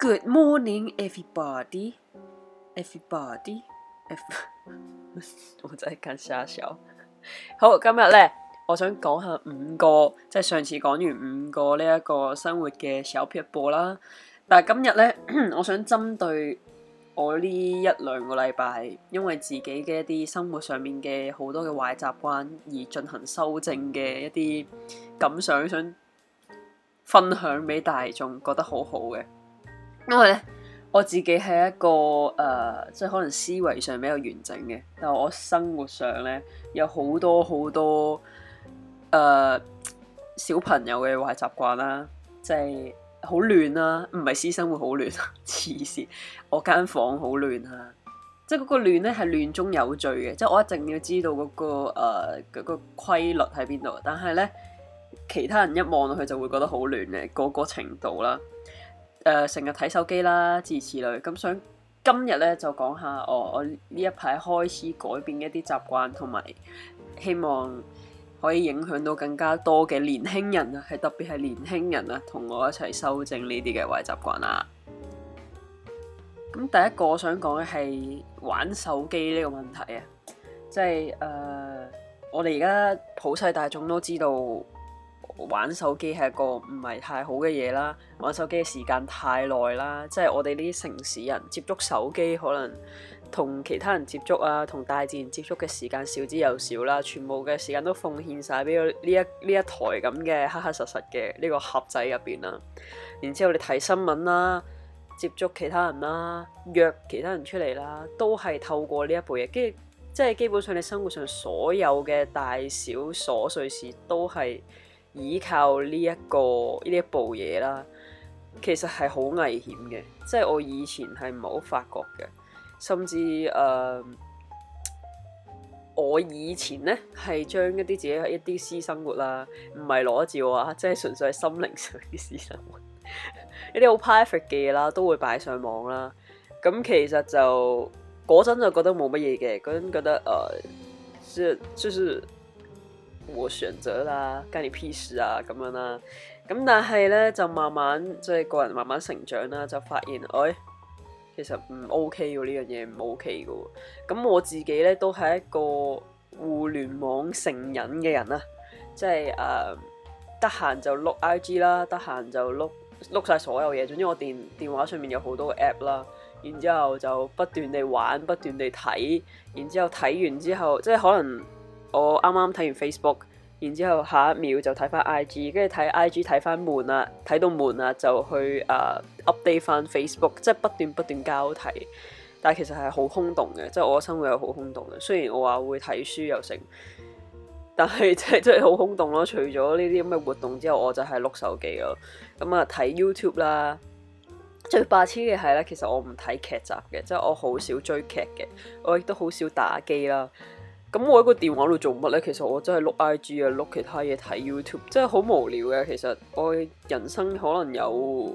Good morning, everybody. Everybody,、F、 我真係看蝦小好，今日咧，我想講下五個即係上次講完五個呢一個生活嘅小撇步啦。但係今日咧，我想針對我呢一兩個禮拜，因為自己嘅一啲生活上面嘅好多嘅壞習慣而進行修正嘅一啲感想，想分享俾大眾，覺得好好嘅。因為咧，我自己係一個誒、呃，即係可能思維上比較完整嘅，但係我生活上咧有好多好多誒、呃、小朋友嘅壞習慣啦，即係好亂啦，唔係私生活好亂，啊，黐線，我間房好亂啊，即係嗰個亂咧係亂中有序嘅，即係我一定要知道嗰、嗰個誒、呃嗰個規律喺邊度，但係咧其他人一望落去就會覺得好亂嘅，個、嗰個程度啦。誒，成日睇手機啦，諸如此類。咁想今日咧，就講下，哦，我我呢一排開始改變一啲習慣，同埋希望可以影響到更加多嘅年輕人啊，係特別係年輕人啊，同我一齊修正呢啲嘅壞習慣啦。咁第一個我想講嘅係玩手機呢個問題啊，即係誒、呃，我哋而家普世大眾都知道。玩手機係一個唔係太好嘅嘢啦，玩手機嘅時間太耐啦，即係我哋呢啲城市人接觸手機，可能同其他人接觸啊，同大自然接觸嘅時間少之又少啦，全部嘅時間都奉獻晒俾呢一呢一台咁嘅黑黑實實嘅呢個盒仔入邊啦。然之後你睇新聞啦，接觸其他人啦，約其他人出嚟啦，都係透過呢一步嘢，跟住即係基本上你生活上所有嘅大小瑣碎事都係。依靠呢一個呢一部嘢啦，其實係好危險嘅，即係我以前係唔係好發覺嘅，甚至誒、呃，我以前咧係將一啲自己一啲私生活啦，唔係裸照啊，即係純粹係心靈上啲私生活， 一啲好 private 嘅嘢啦，都會擺上網啦。咁其實就嗰陣就覺得冇乜嘢嘅，嗰陣覺得誒，即係就和選擇啦 Garnet Piece 啊，咁樣啦，咁但係咧就慢慢即係、就是、個人慢慢成長啦，就發現，哎，其實唔 OK 呢樣嘢唔 OK 嘅喎。咁我自己咧都係一個互聯網成癮嘅人啦，即係誒得閒就碌 IG 啦，得閒就碌碌晒所有嘢。總之我電電話上面有好多 app 啦，然之後就不斷地玩，不斷地睇，然之後睇完之後，即係可能。我啱啱睇完 Facebook，然之後下一秒就睇翻 IG，跟住睇 IG 睇翻悶啦，睇到悶啦就去誒 update、呃、翻 Facebook，即係不斷不斷交替。但係其實係好空洞嘅，即係我生活又好空洞嘅。雖然我話會睇書又成，但係真係真係好空洞咯。除咗呢啲咁嘅活動之後，我就係碌手機咯。咁、嗯、啊睇 YouTube 啦。最霸痴嘅係咧，其實我唔睇劇集嘅，即係我好少追劇嘅，我亦都好少打機啦。咁我喺個電話度做乜呢？其實我真係碌 IG 啊，碌其他嘢睇 YouTube，真係好無聊嘅。其實我人生可能有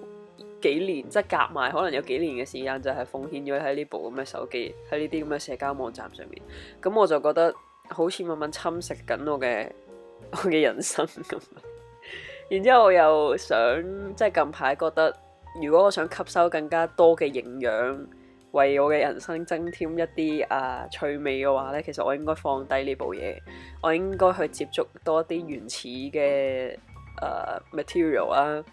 幾年，即係夾埋可能有幾年嘅時間，就係奉獻咗喺呢部咁嘅手機，喺呢啲咁嘅社交網站上面。咁我就覺得好似慢慢侵蝕緊我嘅我嘅人生咁。 然之後我又想，即係近排覺得，如果我想吸收更加多嘅營養。為我嘅人生增添一啲啊趣味嘅話咧，其實我應該放低呢部嘢，我應該去接觸多啲原始嘅誒 material 啦，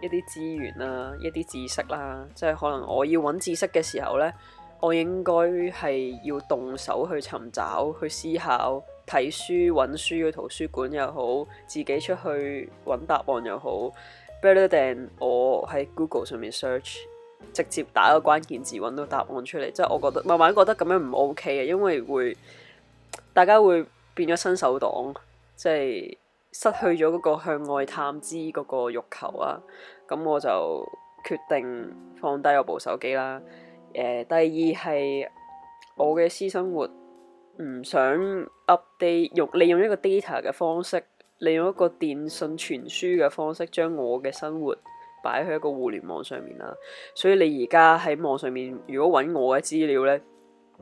一啲資源啦，一啲知識啦，即係可能我要揾知識嘅時候咧，我應該係要動手去尋找、去思考、睇書、揾書去圖書館又好，自己出去揾答案又好，better than 我喺 Google 上面 search。直接打個關鍵字揾到答案出嚟，即係我覺得慢慢覺得咁樣唔 OK 嘅，因為會大家會變咗新手黨，即係失去咗嗰個向外探知嗰個慾求啊。咁我就決定放低我部手機啦。誒、呃，第二係我嘅私生活唔想 update 用利用一個 data 嘅方式，利用一個電信傳輸嘅方式將我嘅生活。擺喺一個互聯網上面啦，所以你而家喺網上面如果揾我嘅資料呢，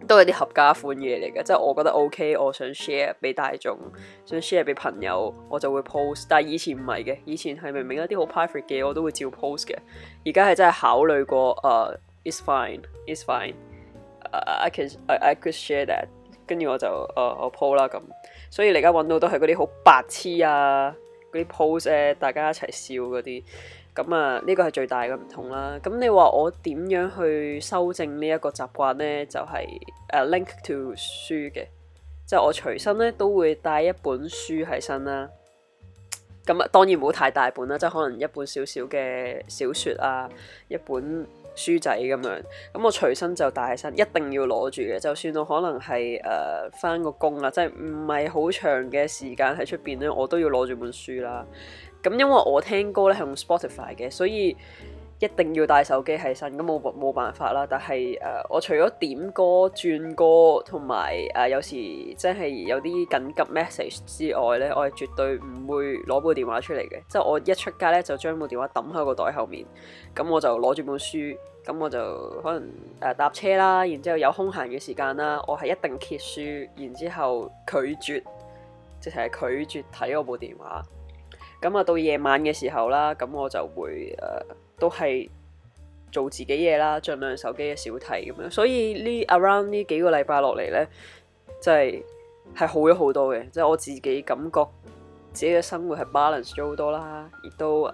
都係啲合家歡嘢嚟嘅，即係我覺得 OK，我想 share 俾大眾，想 share 俾朋友，我就會 post。但係以前唔係嘅，以前係明明一啲好 private 嘅我都會照 post 嘅。而家係真係考慮過誒，uh, it's fine，it's fine，I, uh, could share that。跟住我就誒我 po 啦咁，uh, 所以你而家揾到都係嗰啲好白痴啊，嗰啲 post 大家一齊笑嗰啲。咁啊，呢個係最大嘅唔同啦。咁、嗯、你話我點樣去修正呢一個習慣呢？就係、是、誒 link to 書嘅，即、就、係、是、我隨身咧都會帶一本書喺身啦。咁、嗯、啊、嗯，當然唔好太大本啦，即、就、係、是、可能一本小小嘅小説啊，一本書仔咁樣。咁、嗯、我隨身就帶喺身，一定要攞住嘅。就算我可能係誒翻個工啦，即係唔係好長嘅時間喺出邊咧，我都要攞住本書啦。咁因為我聽歌咧係用 Spotify 嘅，所以一定要帶手機喺身，咁冇冇辦法啦。但係誒、呃，我除咗點歌、轉歌同埋誒有時即係有啲緊急 message 之外咧，我係絕對唔會攞部電話出嚟嘅。即係我一出街咧，就將部電話揼喺個袋後面，咁我就攞住本書，咁我就可能誒、呃、搭車啦，然之後有空閒嘅時間啦，我係一定揭書，然之後拒絕，即係拒絕睇我部電話。咁啊，到夜晚嘅時候啦，咁我就會誒、呃，都係做自己嘢啦，盡量手機嘅少睇咁樣。所以呢 around 呢幾個禮拜落嚟呢，就係係好咗好多嘅，即係我自己感覺自己嘅生活係 balance 咗好多啦，亦都誒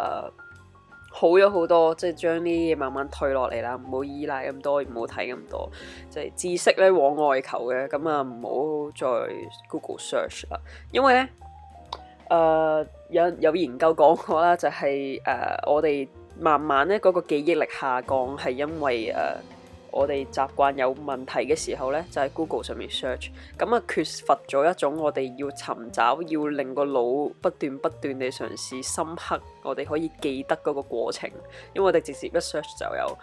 好咗好多，即係將啲嘢慢慢退落嚟啦，唔好依賴咁多，唔好睇咁多，即係知識呢往外求嘅，咁啊唔好再 Google search 啦，因為呢。誒、呃。有有研究講過啦，就係、是、誒、呃，我哋慢慢咧嗰、那個記憶力下降，係因為誒、呃、我哋習慣有問題嘅時候咧，就喺 Google 上面 search，咁啊缺乏咗一種我哋要尋找、要令個腦不斷不斷地嘗試深刻，我哋可以記得嗰個過程，因為我哋直接一 search 就有，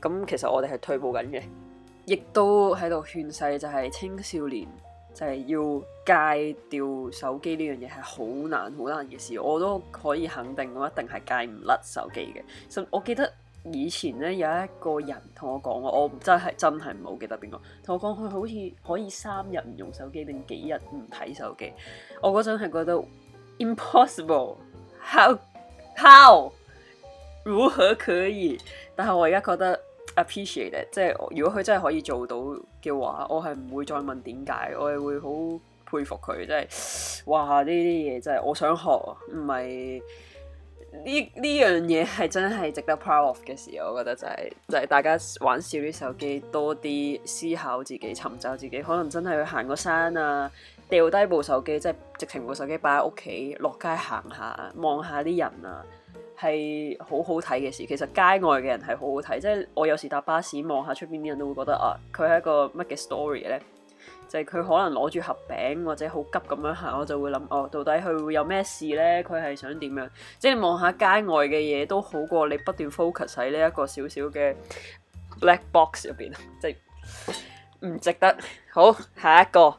咁其實我哋係退步緊嘅，亦都喺度勸世就係青少年。就係要戒掉手機呢樣嘢係好難好難嘅事，我都可以肯定我一定係戒唔甩手機嘅。甚、so, 我記得以前咧有一個人同我講，我真係真係唔好記得邊個同我講，佢好似可以三日唔用手機定幾日唔睇手機。我嗰陣係覺得 impossible，how how, how 如何可以？但係我而家覺得，appreciate it，即係如果佢真係可以做到嘅話，我係唔會再問點解，我係會好佩服佢。即係，哇！呢啲嘢真係我想學啊，唔係呢呢樣嘢係真係值得 proud of 嘅時候，我覺得就係就係大家玩少啲手機，多啲思考自己，尋找自己。可能真係去行個山啊，掉低部手機，即係直情部手機擺喺屋企，落街行下，望下啲人啊。係好好睇嘅事，其實街外嘅人係好好睇，即係我有時搭巴士望下出邊啲人都會覺得啊，佢係一個乜嘅 story 咧？即係佢可能攞住盒餅或者好急咁樣行，我就會諗哦，到底佢會有咩事咧？佢係想點樣？即係望下街外嘅嘢都好過你不斷 focus 喺呢一個小小嘅 black box 入邊，即係唔值得。好，下一個，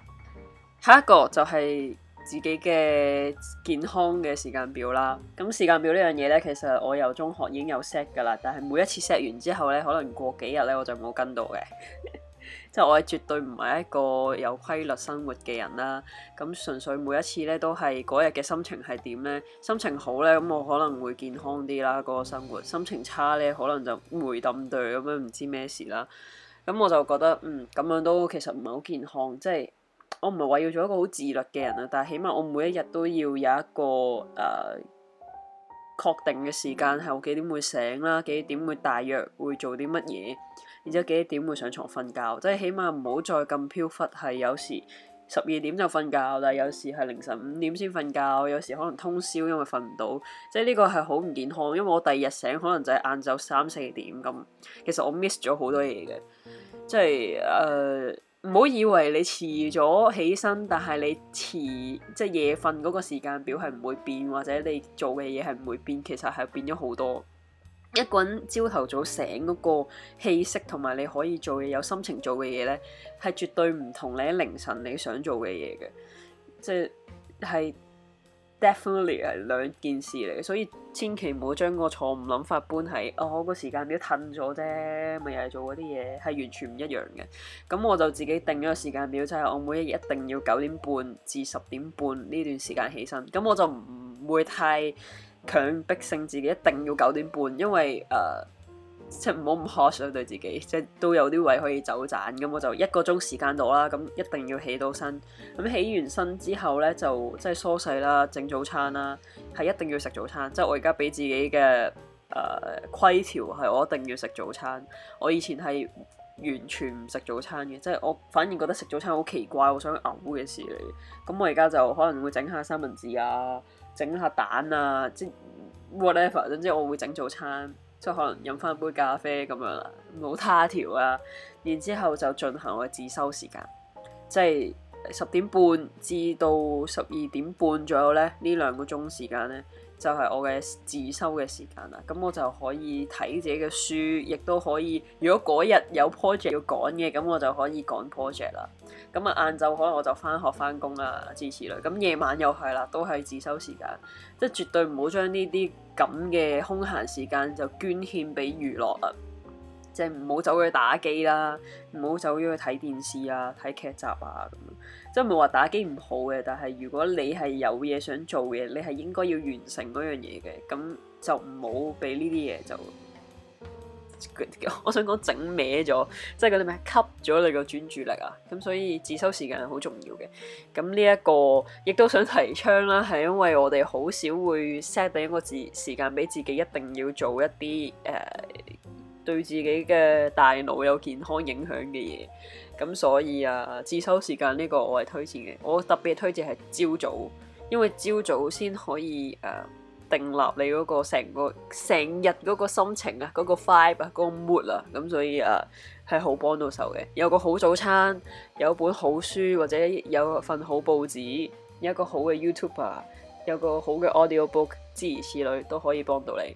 下一個就係、是。自己嘅健康嘅時間表啦，咁時間表呢樣嘢呢，其實我由中學已經有 set 噶啦，但係每一次 set 完之後呢，可能過幾日呢，我就冇跟到嘅，即 係我係絕對唔係一個有規律生活嘅人啦。咁純粹每一次呢，都係嗰日嘅心情係點呢？心情好呢，咁我可能會健康啲啦，嗰個生活；心情差呢，可能就梅冧隊咁樣，唔知咩事啦。咁我就覺得，嗯，咁樣都其實唔係好健康，即係。我唔係話要做一個好自律嘅人啊，但係起碼我每一日都要有一個誒、呃、確定嘅時間，係我幾點會醒啦，幾點會大約會做啲乜嘢，然之後幾點會上床瞓覺，即係起碼唔好再咁飄忽，係有時十二點就瞓覺，但係有時係凌晨五點先瞓覺，有時可能通宵因為瞓唔到，即係呢個係好唔健康，因為我第二日醒可能就係晏晝三四點咁，其實我 miss 咗好多嘢嘅，即係誒。呃唔好以為你遲咗起身，但係你遲即係、就是、夜瞓嗰個時間表係唔會變，或者你做嘅嘢係唔會變，其實係變咗好多。一個人朝頭早醒嗰個氣息，同埋你可以做嘅有心情做嘅嘢呢，係絕對唔同你喺凌晨你想做嘅嘢嘅，即、就、係、是。Definitely 係兩件事嚟，所以千祈唔好將個錯誤諗法搬喺哦、我個時間表褪咗啫，咪又係做嗰啲嘢，係完全唔一樣嘅。咁我就自己定咗個時間表，就係、即係、我每一日一定要九點半至十點半呢段時間起身，咁我就唔會太強迫性自己一定要九點半，因為誒。Uh, 即係唔好唔渴 o t 對自己，即係都有啲位可以走賺咁、嗯，我就一個鐘時，時間到啦，咁、嗯、一定要起到身。咁、嗯、起完身之後咧，就即係梳洗啦、整早餐啦，係一定要食早餐。即係我而家俾自己嘅誒、呃、規條係我一定要食早餐。我以前係完全唔食早餐嘅，即係我反而覺得食早餐好奇怪，我想嘔嘅事嚟。咁、嗯、我而家就可能會整下三文治啊，整下蛋啊，即 whatever，總之我會整早餐。即可能飲翻杯咖啡咁樣啦，冇他條啊，然之後就進行我嘅自修時間，即係十點半至到十二點半左右咧，兩時時呢兩個鐘時間咧。就係我嘅自修嘅時間啦，咁我就可以睇自己嘅書，亦都可以，如果嗰日有 project 要趕嘅，咁我就可以趕 project 啦。咁啊，晏晝可能我就返學返工啦，諸如此類。咁夜晚又係啦，都係自修時間，即係絕對唔好將呢啲咁嘅空閒時間就捐獻俾娛樂啊！即係唔好走去打機啦，唔好走咗去睇電視啊、睇劇集啊咁。即係冇話打機唔好嘅，但係如果你係有嘢想做嘅，你係應該要完成嗰樣嘢嘅，咁就唔好俾呢啲嘢就， 我想講，整歪咗，即係嗰啲咩吸咗你個專注力啊，咁所以自修時間係好重要嘅。咁呢一個亦都想提倡啦，係因為我哋好少會 set 定一個自時間俾自己，一定要做一啲誒、uh, 對自己嘅大腦有健康影響嘅嘢。咁所以啊，自修時間呢個我係推薦嘅，我特別推薦係朝早，因為朝早先可以誒、啊、定立你嗰個成個成日嗰個心情啊，嗰、嗰個 vibe 啊，嗰個 mood 啊，咁所以啊係好幫到手嘅。有個好早餐，有本好書或者有份好報紙，有一個好嘅 YouTuber 啊，有個好嘅 audio book，諸如此類都可以幫到你。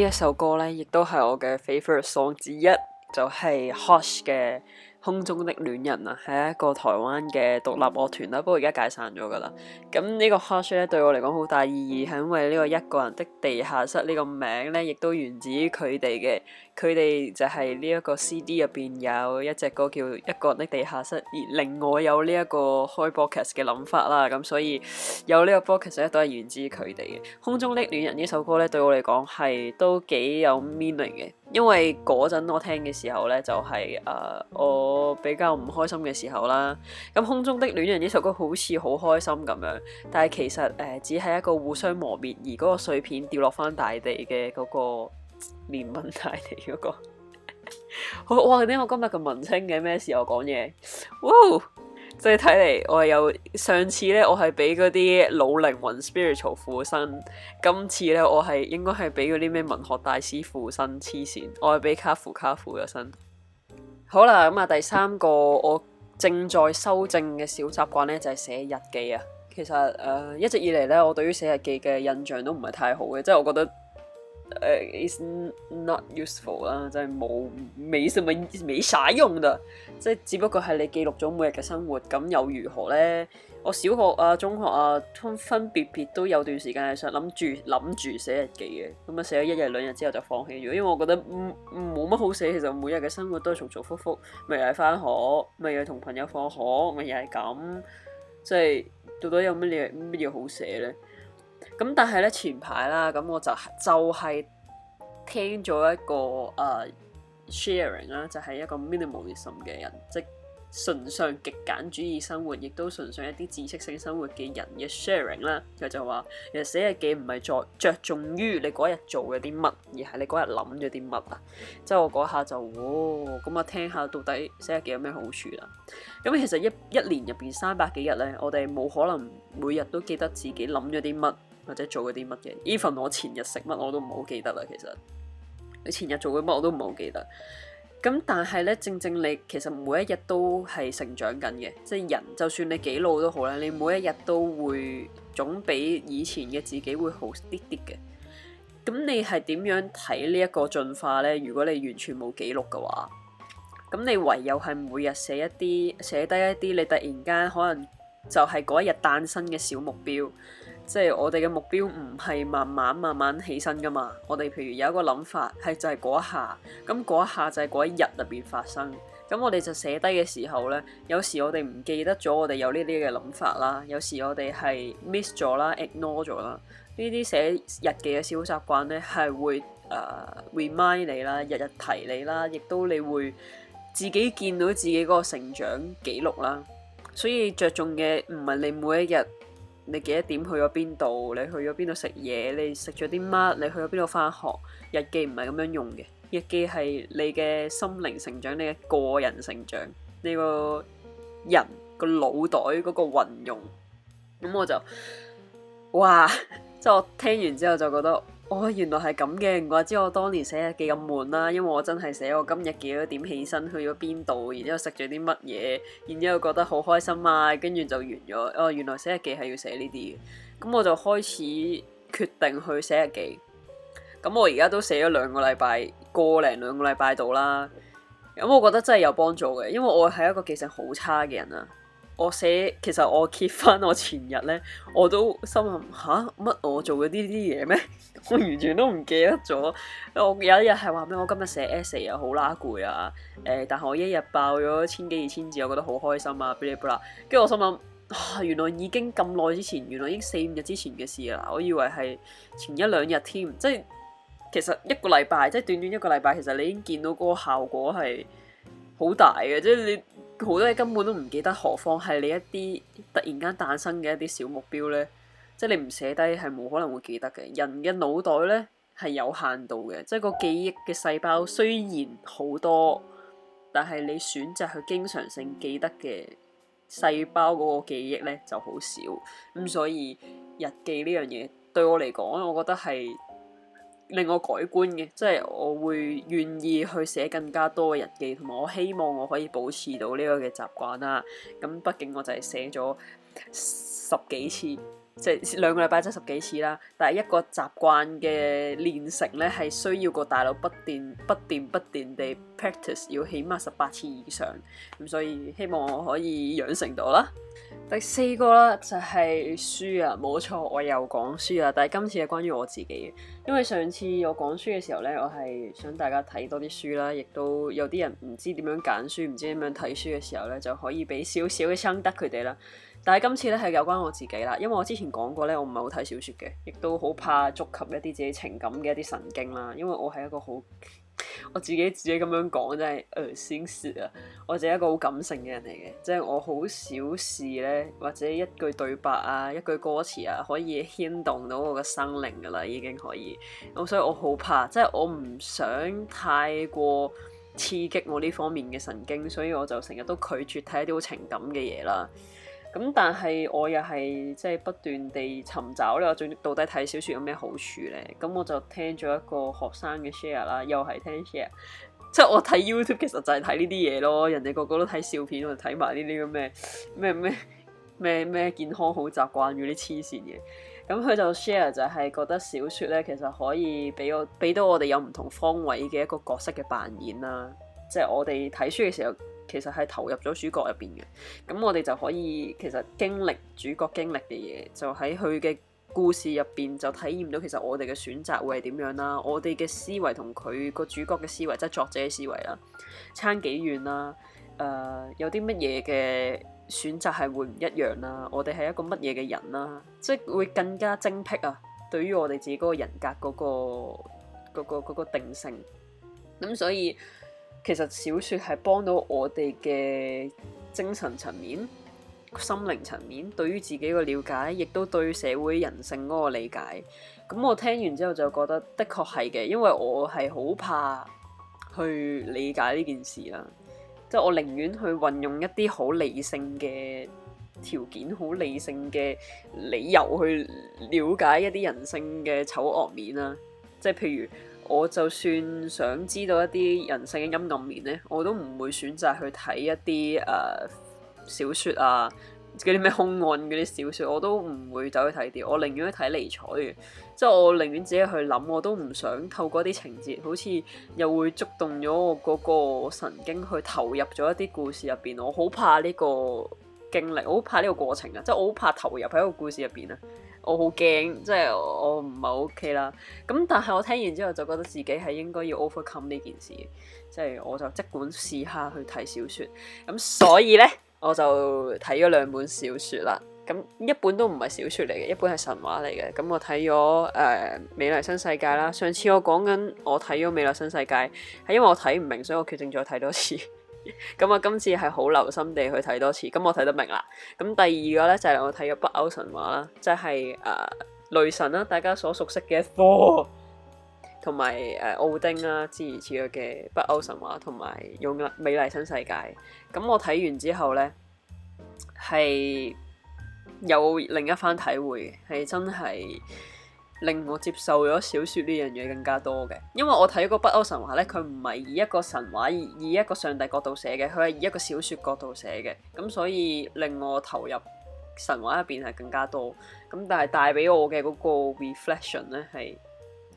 呢一首歌咧，亦都係我嘅 favourite song 之一，就係 Hush 嘅《空中的戀人》啊，係一個台灣嘅獨立樂團啦，不過而家解散咗噶啦。咁呢個 Hush 咧，對我嚟講好大意義，係因為呢個一個人的地下室呢個名咧，亦都源自於佢哋嘅。佢哋就係呢一個 CD 入邊有一隻歌叫《一個人的地下室》，而另外有呢一個開 podcast 嘅諗法啦。咁所以有呢個 podcast 咧都係源自佢哋嘅《空中的戀人》呢首歌咧，對我嚟講係都幾有 meaning 嘅，因為嗰陣我聽嘅時候咧就係、是、誒、呃、我比較唔開心嘅時候啦。咁《空中的戀人》呢首歌好似好開心咁樣，但係其實誒、呃、只係一個互相磨滅而嗰個碎片掉落翻大地嘅嗰、那個。聯盟大地嗰個 哇我我話，哇！點、就、解、是、我今日咁文青嘅？咩時候講嘢？哇！即係睇嚟，我係有上次呢，我係俾嗰啲老靈魂 spiritual 附身，今次呢，我係應該係俾嗰啲咩文學大師附身，黐線！我係俾卡夫卡附咗身。好啦，咁、嗯、啊，第三個我正在修正嘅小習慣呢，就係、是、寫日記啊。其實誒、呃，一直以嚟呢，我對於寫日記嘅印象都唔係太好嘅，即、就、係、是、我覺得。誒、so、，is so, ancient, no no land, not useful 啦，即係冇，美，什咪美啲啥用噶，即係只不過係你記錄咗每日嘅生活，咁又如何呢？我小學啊、中學啊，分分別別都有段時間係想諗住諗住寫日記嘅，咁啊寫咗一日兩日之後就放棄咗，因為我覺得冇乜好寫，其實每日嘅生活都係重重複複，咪又係翻學，咪又係同朋友放學，咪又係咁，即係到底有乜嘢乜嘢好寫呢？咁但係咧，前排啦，咁我就就係、是、聽咗一個誒、uh, sharing 啦，就係一個 minimalism 嘅人，即係崇尚極簡主義生活，亦都崇尚一啲知識性生活嘅人嘅 sharing 啦。佢就話其實寫日記唔係在着重於你嗰日做咗啲乜，而係你嗰日諗咗啲乜啊。即、就、係、是、我嗰下就哦，咁啊聽下到底寫日記有咩好處啦。咁其實一一年入邊三百幾日咧，我哋冇可能每日都記得自己諗咗啲乜。或者做嗰啲乜嘢 e v e n 我前日食乜我都唔好記得啦。其實你前日做嘅乜我都唔好記得。咁但係呢，正正你其實每一日都係成長緊嘅，即係人，就算你幾老都好啦，你每一日都會總比以前嘅自己會好啲啲嘅。咁你係點樣睇呢一個進化呢？如果你完全冇記錄嘅話，咁你唯有係每日寫一啲，寫低一啲，你突然間可能就係嗰一日誕生嘅小目標。即係我哋嘅目標唔係慢慢慢慢起身噶嘛，我哋譬如有一個諗法係就係嗰一下，咁嗰一下就係嗰一日入面發生，咁我哋就寫低嘅時候咧，有時我哋唔記得咗我哋有呢啲嘅諗法啦，有時我哋係 miss 咗啦、ignore 咗啦，呢啲寫日記嘅小習慣咧係會誒、uh, remind 你啦、日日提你啦，亦都你會自己見到自己嗰個成長記錄啦，所以着重嘅唔係你每一日。你幾多點去咗邊度？你去咗邊度食嘢？你食咗啲乜？你去咗邊度翻學？日記唔係咁樣用嘅，日記係你嘅心靈成長，你嘅個人成長，你個人個腦袋嗰個運用。咁我就，哇！即 係我聽完之後就覺得。哦，原來係咁嘅，唔怪之我當年寫日記咁悶啦，因為我真係寫我今日幾多點起身，去咗邊度，然之後食咗啲乜嘢，然之後覺得好開心啊，跟住就完咗。哦，原來寫日記係要寫呢啲嘅，咁我就開始決定去寫日記。咁我而家都寫咗兩個禮拜，個零兩個禮拜到啦。咁我覺得真係有幫助嘅，因為我係一個記性好差嘅人啊。我寫其實我揭翻我前日咧，我都心諗吓乜我做嘅呢啲嘢咩？ 我完全都唔記得咗。我有一日係話咩？我今日寫 essay 啊，好拉攰啊。誒、呃，但係我一日爆咗千幾二千字，我覺得好開心啊！bla bla，跟住我心諗原來已經咁耐之前，原來已經四五日之前嘅事啦。我以為係前一兩日添，即係其實一個禮拜，即係短短一個禮拜，其實你已經見到嗰個效果係好大嘅，即係你。好多嘢根本都唔記得，何況係你一啲突然間誕生嘅一啲小目標呢？即係你唔寫低係冇可能會記得嘅。人嘅腦袋呢係有限度嘅，即係個記憶嘅細胞雖然好多，但係你選擇去經常性記得嘅細胞嗰個記憶呢就好少。咁所以日記呢樣嘢對我嚟講，我覺得係。令我改觀嘅，即係我會願意去寫更加多嘅日記，同埋我希望我可以保持到呢個嘅習慣啦啊。咁畢竟我就係寫咗十幾次。即兩個禮拜就十幾次啦，但係一個習慣嘅練成咧，係需要個大腦不斷、不斷、不斷地 practice，要起碼十八次以上。咁、嗯、所以希望我可以養成到啦。第四個啦就係書啊，冇錯，我又講書啊，但係今次係關於我自己嘅，因為上次我講書嘅時候咧，我係想大家睇多啲書啦，亦都有啲人唔知點樣揀書，唔知點樣睇書嘅時候咧，就可以俾少少嘅心得佢哋啦。但係今次咧係有關我自己啦，因為我之前講過咧，我唔係好睇小説嘅，亦都好怕觸及一啲自己情感嘅一啲神經啦。因為我係一個好，我自己自己咁樣講真係，誒先説啊，我係一個好感性嘅人嚟嘅，即係我好小事咧，或者一句對白啊，一句歌詞啊，可以牽動到我個生靈噶啦，已經可以。咁所以我好怕，即係我唔想太過刺激我呢方面嘅神經，所以我就成日都拒絕睇一啲好情感嘅嘢啦。咁但係我又係即係不斷地尋找呢。我最到底睇小説有咩好處咧？咁我就聽咗一個學生嘅 share 啦，又係聽 share，即係我睇 YouTube 其實就係睇呢啲嘢咯。人哋個個都睇笑片，我睇埋呢啲咁咩咩咩咩咩健康好習慣嗰啲黐線嘢。咁佢就 share 就係覺得小説咧，其實可以俾我俾到我哋有唔同方位嘅一個角色嘅扮演啦。即係我哋睇書嘅時候。其實係投入咗主角入邊嘅，咁我哋就可以其實經歷主角經歷嘅嘢，就喺佢嘅故事入邊就體驗到其實我哋嘅選擇會係點樣啦，我哋嘅思維同佢個主角嘅思維即係作者嘅思維啦，差幾遠啦，誒、呃、有啲乜嘢嘅選擇係會唔一樣啦，我哋係一個乜嘢嘅人啦，即係會更加精闢啊，對於我哋自己嗰個人格嗰個嗰個嗰個定性，咁所以。其實小說係幫到我哋嘅精神層面、心靈層面，對於自己個了解，亦都對社會人性嗰個理解。咁我聽完之後就覺得的確係嘅，因為我係好怕去理解呢件事啦，即係我寧願去運用一啲好理性嘅條件、好理性嘅理由去了解一啲人性嘅醜惡面啦，即係譬如。我就算想知道一啲人性嘅陰暗面咧，我都唔會選擇去睇一啲誒、呃、小説啊，嗰啲咩兇案嗰啲小説，我都唔會走去睇啲。我寧願去睇尼采嘅，即係我寧願自己去諗，我都唔想透過啲情節，好似又會觸動咗我嗰個神經去投入咗一啲故事入邊。我好怕呢個經歷，我好怕呢個過程啊！即係我好怕投入喺一個故事入邊啊！我好驚，即係我唔係 OK 啦。咁但係我聽完之後就覺得自己係應該要 overcome 呢件事，即係我就即管試下去睇小說。咁所以呢，我就睇咗兩本小說啦。咁一本都唔係小說嚟嘅，一本係神話嚟嘅。咁我睇咗誒《美麗新世界》啦。上次我講緊我睇咗《美麗新世界》，係因為我睇唔明，所以我決定再睇多次。咁我今次係好留心地去睇多次，咁我睇得明啦。咁第二個呢，就係、是、我睇嘅北歐神話啦，即係誒，雷、呃、神啦、啊，大家所熟悉嘅 Thor，同埋誒，奧、呃、丁啦、啊，諸如此類嘅北歐神話，同埋用美麗新世界。咁我睇完之後呢，係有另一番體會，係真係。令我接受咗小說呢樣嘢更加多嘅，因為我睇個北歐神話呢，佢唔係以一個神話以，以一個上帝角度寫嘅，佢係以一個小說角度寫嘅，咁所以令我投入神話入邊係更加多，咁但係帶俾我嘅嗰個 reflection 呢，係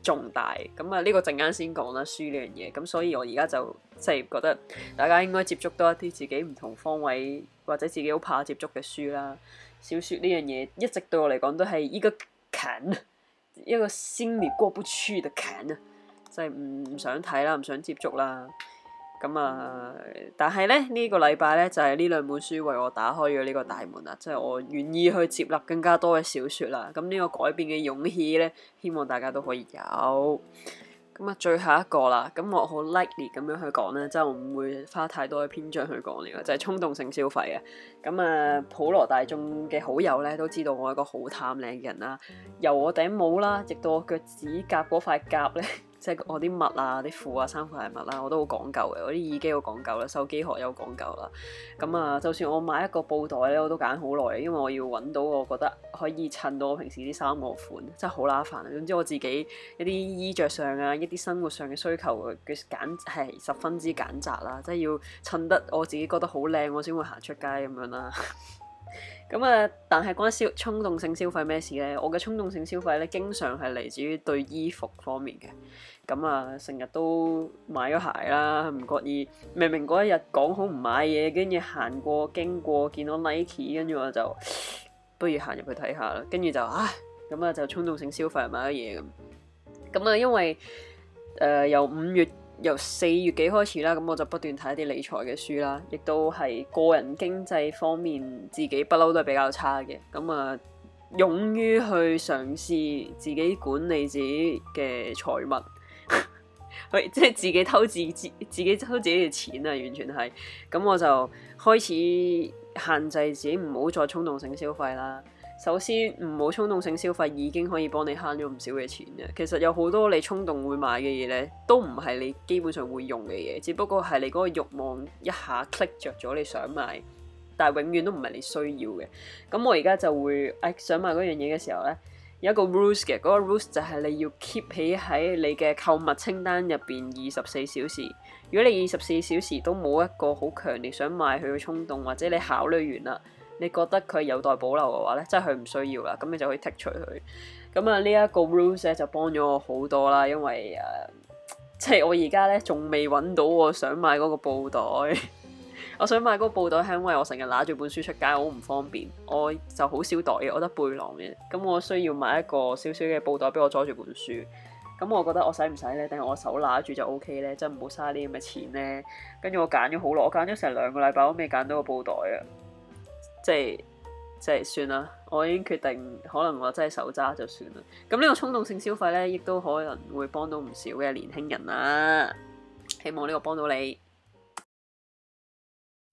重大，咁啊呢個陣間先講啦書呢樣嘢，咁所以我而家就即係覺得大家應該接觸多一啲自己唔同方位或者自己好怕接觸嘅書啦，小說呢樣嘢一直對我嚟講都係依家近。一個心裡過不去的坎啊，即係唔唔想睇啦，唔想接觸啦。咁啊，但係呢，呢、呢個禮拜呢，就係、是、呢兩本書為我打開咗呢個大門啦，即、就、係、是、我願意去接納更加多嘅小說啦。咁呢個改變嘅勇氣呢，希望大家都可以有。咁啊，最後一個啦，咁我好 likely 咁樣去講咧，即係我唔會花太多嘅篇章去講嘅，就係、是、衝動性消費啊。咁啊，普羅大眾嘅好友咧都知道我係一個好貪靚嘅人啦，由我頂帽啦，直到我腳趾甲嗰塊甲咧。即係我啲襪啊、啲褲啊、衫褲鞋襪啊，我都好講究嘅。我啲耳機好講究啦，手機殼又講究啦。咁啊，就算我買一個布袋咧，我都揀好耐，因為我要揾到我覺得可以襯到我平時啲衫個款，真係好懶煩。總之我自己一啲衣着上啊，一啲生活上嘅需求嘅揀係十分之揀擇啦，即係要襯得我自己覺得好靚，我先會行出街咁樣啦。咁 啊，但係關消衝動性消費咩事呢？我嘅衝動性消費咧，經常係嚟自於對衣服方面嘅。咁啊，成日都買咗鞋啦，唔覺意明明嗰一日講好唔買嘢，跟住行過經過見到 Nike，跟住我就不如行入去睇下啦。跟住就啊，咁啊就衝動性消費買咗嘢咁。咁啊，因為誒、呃、由五月由四月幾開始啦，咁我就不斷睇一啲理財嘅書啦，亦都係個人經濟方面自己不嬲都係比較差嘅。咁啊，勇於去嘗試自己管理自己嘅財物。喂，即係自己偷自自己偷自己嘅錢啊！完全係。咁我就開始限制自己唔好再衝動性消費啦。首先唔好衝動性消費已經可以幫你慳咗唔少嘅錢嘅。其實有好多你衝動會買嘅嘢咧，都唔係你基本上會用嘅嘢，只不過係你嗰個慾望一下 click 著咗你想買，但係永遠都唔係你需要嘅。咁我而家就會，哎、想買嗰樣嘢嘅時候咧。有一個 rules 嘅，嗰個 rules 就係你要 keep 起喺你嘅購物清單入邊二十四小時。如果你二十四小時都冇一個好強烈想買佢嘅衝動，或者你考慮完啦，你覺得佢有待保留嘅話咧，即係佢唔需要啦，咁你就可以剔除佢。咁啊，呢一個 rules 咧就幫咗我好多啦，因為誒，即係我而家咧仲未揾到我想買嗰個布袋。我想買嗰個布袋，係因為我成日拿住本書出街好唔方便，我就好少袋嘅，我得背囊嘅。咁我需要買一個小小嘅布袋俾我載住本書。咁我覺得我使唔使咧？定係我手拿住就 O K 咧？即係唔好嘥啲咁嘅錢咧。跟住我揀咗好耐，我揀咗成兩個禮拜我未揀到個布袋啊！即係即係算啦，我已經決定，可能我真係手揸就算啦。咁呢個衝動性消費咧，亦都可能會幫到唔少嘅年輕人啦。希望呢個幫到你。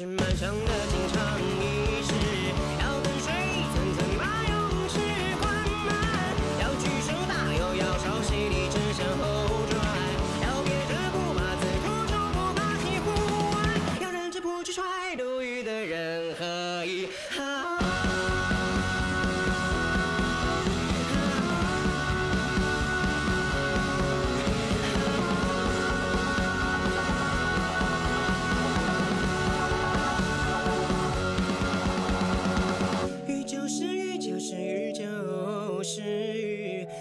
是漫長的經曆一世。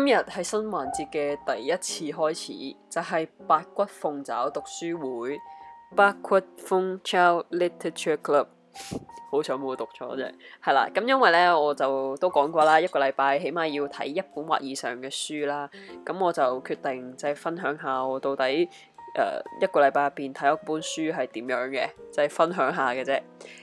今日係新環節嘅第一次開始，就係、是、白骨鳳爪讀書會，白骨鳳爪 literature club。好彩冇讀錯啫，係啦。咁因為咧，我就都講過啦，一個禮拜起碼要睇一本或以上嘅書啦。咁我就決定就係分享下我到底。誒、呃，一個禮拜入邊睇一本書係點樣嘅，就係、是、分享下嘅啫。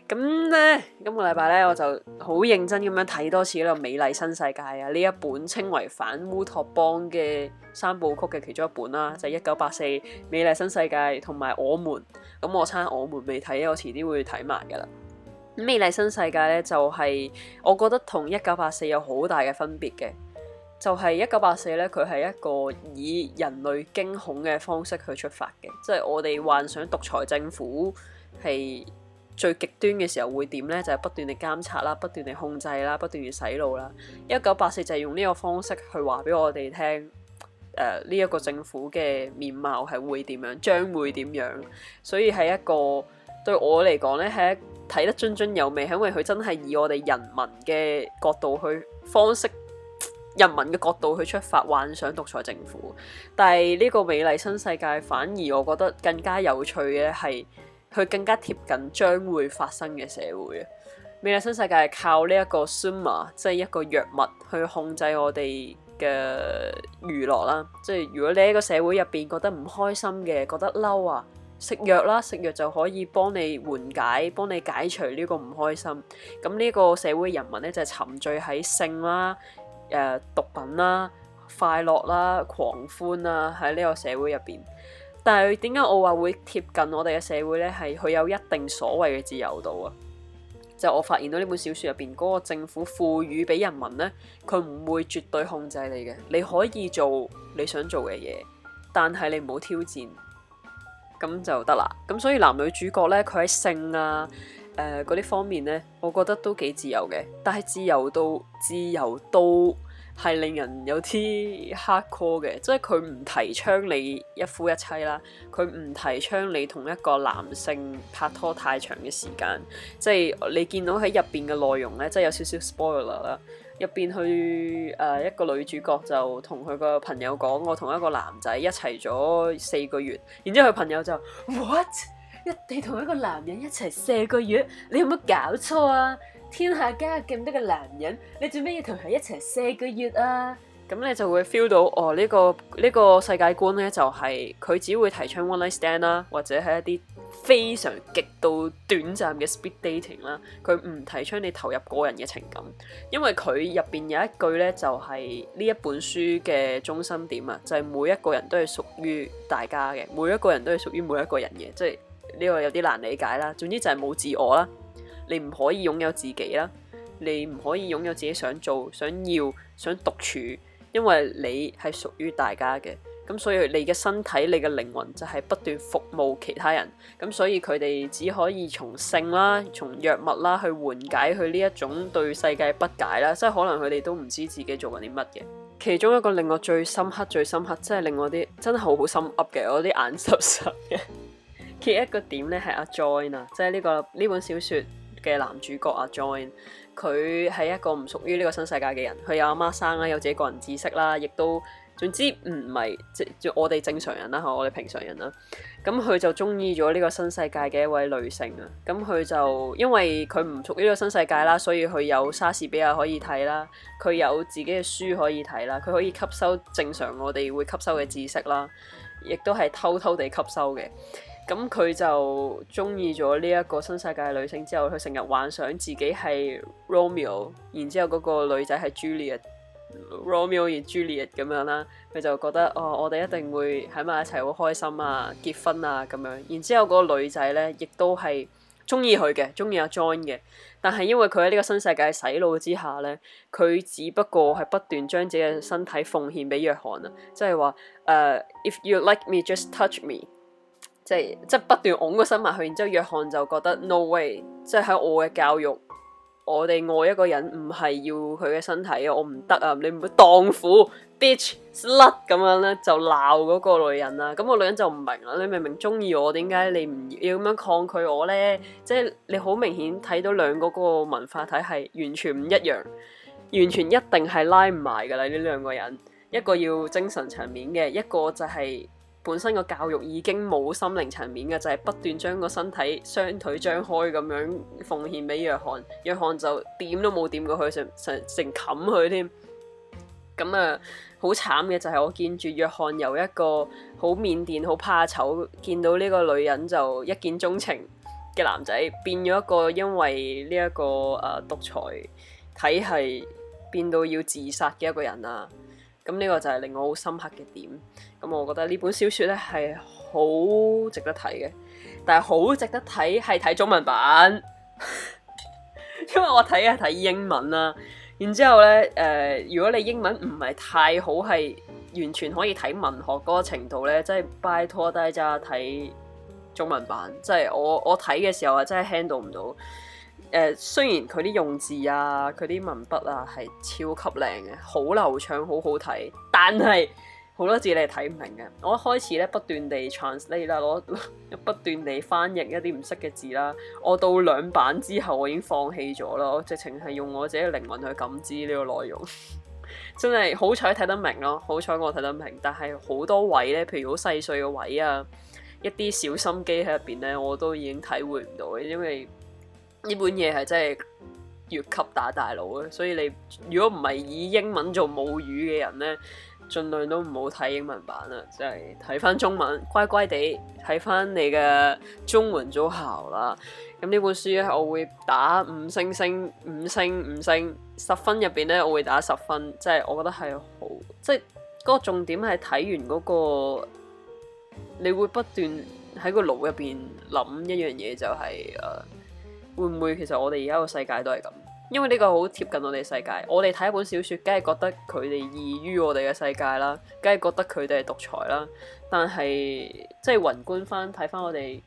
咁呢，今個禮拜呢，我就好認真咁樣睇多次呢個《美麗新世界》啊，呢一本稱為反烏托邦嘅三部曲嘅其中一本啦、啊，就係《一九八四》、《美麗新世界》同埋《我們》。咁我差《我們》未睇，我遲啲會睇埋噶啦。《美麗新世界》呢，就係、是、我覺得同一九八四有好大嘅分別嘅。就係一九八四咧，佢係一個以人類驚恐嘅方式去出發嘅，即係我哋幻想獨裁政府係最極端嘅時候會點咧，就係、是、不斷地監察啦，不斷地控制啦，不斷地洗腦啦。一九八四就係用呢個方式去話俾我哋聽，誒，呢一個政府嘅面貌係會點樣，將會點樣。所以係一個對我嚟講咧，係一睇得津津有味，係因為佢真係以我哋人民嘅角度去方式。人民嘅角度去出發，幻想獨裁政府，但係呢個美麗新世界反而我覺得更加有趣嘅係，佢更加貼近將會發生嘅社會。美麗新世界係靠呢一個 soma，即係一個藥物去控制我哋嘅娛樂啦。即係如果你喺個社會入邊覺得唔開心嘅，覺得嬲啊，食藥啦，食藥就可以幫你緩解，幫你解除呢個唔開心。咁呢個社會人民咧就係，沉醉喺性啦，啊。呃、毒品啦、快樂啦、狂歡啦，喺呢個社會入邊。但係點解我話會貼近我哋嘅社會呢？係佢有一定所謂嘅自由度啊！就我發現到呢本小說入邊，嗰個政府賦予俾人民呢，佢唔會絕對控制你嘅，你可以做你想做嘅嘢，但係你唔好挑戰，咁就得啦。咁所以男女主角呢，佢喺性啊。誒嗰啲方面呢，我覺得都幾自由嘅，但係自由到自由都係令人有啲 hardcore 嘅，即係佢唔提倡你一夫一妻啦，佢唔提倡你同一個男性拍拖太長嘅時間。即係你見到喺入邊嘅內容呢，即係有少少 spoiler 啦。入邊去誒一個女主角就同佢個朋友講，我同一個男仔一齊咗四個月，然之後佢朋友就 What？你同一個男人一齊四個月，你有冇搞錯啊？天下間咁多嘅男人，你做咩要同佢一齊四個月啊？咁你就會 feel 到哦，呢個呢個世界觀咧就係、是、佢只會提倡 one night stand 啦，或者係一啲非常極度短暫嘅 speed dating 啦。佢唔提倡你投入個人嘅情感，因為佢入邊有一句咧就係、是、呢一本書嘅中心點啊，就係、是、每一個人都係屬於大家嘅，每一個人都係屬於每一個人嘅，即係。呢個有啲難理解啦，總之就係冇自我啦，你唔可以擁有自己啦，你唔可以擁有自己想做、想要、想獨處，因為你係屬於大家嘅，咁所以你嘅身體、你嘅靈魂就係不斷服務其他人，咁所以佢哋只可以從性啦、從藥物啦去緩解佢呢一種對世界不解啦，即係可能佢哋都唔知自己做過啲乜嘢。其中一個令我最深刻、最深刻，即係令我啲真係好心 u 嘅，我啲眼濕濕嘅。揭一個點咧，係阿 John 啊，即係呢個呢本小説嘅男主角阿 John，佢係一個唔屬於呢個新世界嘅人，佢有阿媽生啦，有自己個人知識啦，亦都總之唔係即我哋正常人啦，我哋平常人啦。咁佢就中意咗呢個新世界嘅一位女性啊。咁佢就因為佢唔屬於呢個新世界啦，所以佢有莎士比亞可以睇啦，佢有自己嘅書可以睇啦，佢可以吸收正常我哋會吸收嘅知識啦，亦都係偷偷地吸收嘅。咁佢就中意咗呢一個新世界嘅女性之後，佢成日幻想自己係 Romeo，然之後嗰個女仔係 Juliet，Romeo and Juliet 咁樣啦，佢就覺得哦，我哋一定會喺埋一齊好開心啊，結婚啊咁樣。然之後嗰個女仔呢，亦都係中意佢嘅，中意阿 John 嘅。但係因為佢喺呢個新世界洗腦之下呢，佢只不過係不斷將自己嘅身體奉獻俾約翰啊，即係話誒，If you like me，just touch me。即係即係不斷拱個身埋去，然之後約翰就覺得 No way，即係喺我嘅教育，我哋愛一個人唔係要佢嘅身體啊，我唔得啊，你唔係蕩婦，bitch slut 咁樣咧，就鬧嗰個女人啦，咁個女人就唔明啦，你明明中意我，點解你唔要咁樣抗拒我咧？即係你好明顯睇到兩個個文化體系完全唔一樣，完全一定係拉唔埋噶啦呢兩個人，一個要精神層面嘅，一個就係。本身個教育已經冇心靈層面嘅，就係、是、不斷將個身體雙腿張開咁樣奉獻俾約翰，約翰就點都冇掂過佢，成成成冚佢添。咁啊，好慘嘅就係我見住約翰由一個好靦腆、好怕醜，見到呢個女人就一見鍾情嘅男仔，變咗一個因為呢、這、一個誒獨裁體系變到要自殺嘅一個人啊！咁呢、嗯這個就係令我好深刻嘅點，咁、嗯、我覺得呢本小説咧係好值得睇嘅，但係好值得睇係睇中文版， 因為我睇係睇英文啦、啊。然之後咧，誒、呃，如果你英文唔係太好，係完全可以睇文學嗰個程度咧，即係拜託大家睇中文版，即係我我睇嘅時候係真係 handle 唔到。誒、uh, 雖然佢啲用字啊、佢啲文筆啊係超級靚嘅，好流暢、好好睇，但係好多字你係睇唔明嘅。我一開始咧不斷地 translate 啦，我 不斷地翻譯一啲唔識嘅字啦。我到兩版之後，我已經放棄咗咯，我直情係用我自己嘅靈魂去感知呢個內容。 真係好彩睇得明咯，好彩我睇得明，但係好多位咧，譬如好細碎嘅位啊，一啲小心機喺入邊咧，我都已經體會唔到嘅，因為。呢本嘢係真係越級打大佬咯，所以你如果唔係以英文做母語嘅人呢，儘量都唔好睇英文版啦，即係睇翻中文，乖乖地睇翻你嘅中文組校啦。咁呢本書咧，我會打五星星，五星五星十分入邊呢，我會打十分，即係我覺得係好，即係嗰個重點係睇完嗰個，你會不斷喺個腦入邊諗一樣嘢，就係誒。會唔會其實我哋而家個世界都係咁？因為呢個好貼近我哋世界。我哋睇一本小說，梗係覺得佢哋異於我哋嘅世界啦，梗係覺得佢哋係獨裁啦。但係即係宏觀翻睇翻我哋，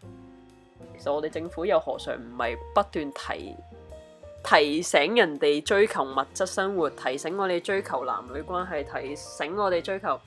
其實我哋政府又何嘗唔係不斷提提醒人哋追求物質生活，提醒我哋追求男女關係，提醒我哋追求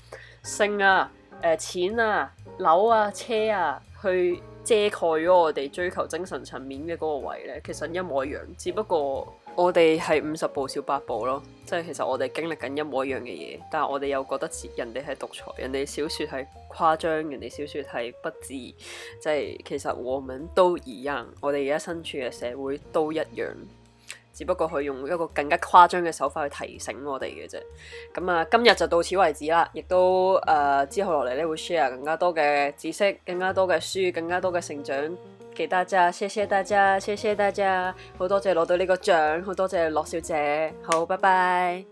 性啊、誒、呃、錢啊、樓啊、車啊去。遮蓋咗我哋追求精神層面嘅嗰個位咧，其實一模一樣，只不過我哋係五十步笑百步咯。即係其實我哋經歷緊一模一樣嘅嘢，但係我哋又覺得人哋係獨裁，人哋小説係誇張，人哋小説係不智。即係其實我們都一樣，我哋而家身處嘅社會都一樣。只不過佢用一個更加誇張嘅手法去提醒我哋嘅啫，咁啊今日就到此為止啦，亦都誒、呃、之後落嚟咧會 share 更加多嘅知識、更加多嘅書、更加多嘅成長，記得大家，謝謝大家，謝謝大家，好多謝攞到呢個獎，好多謝樂小姐，好，拜拜。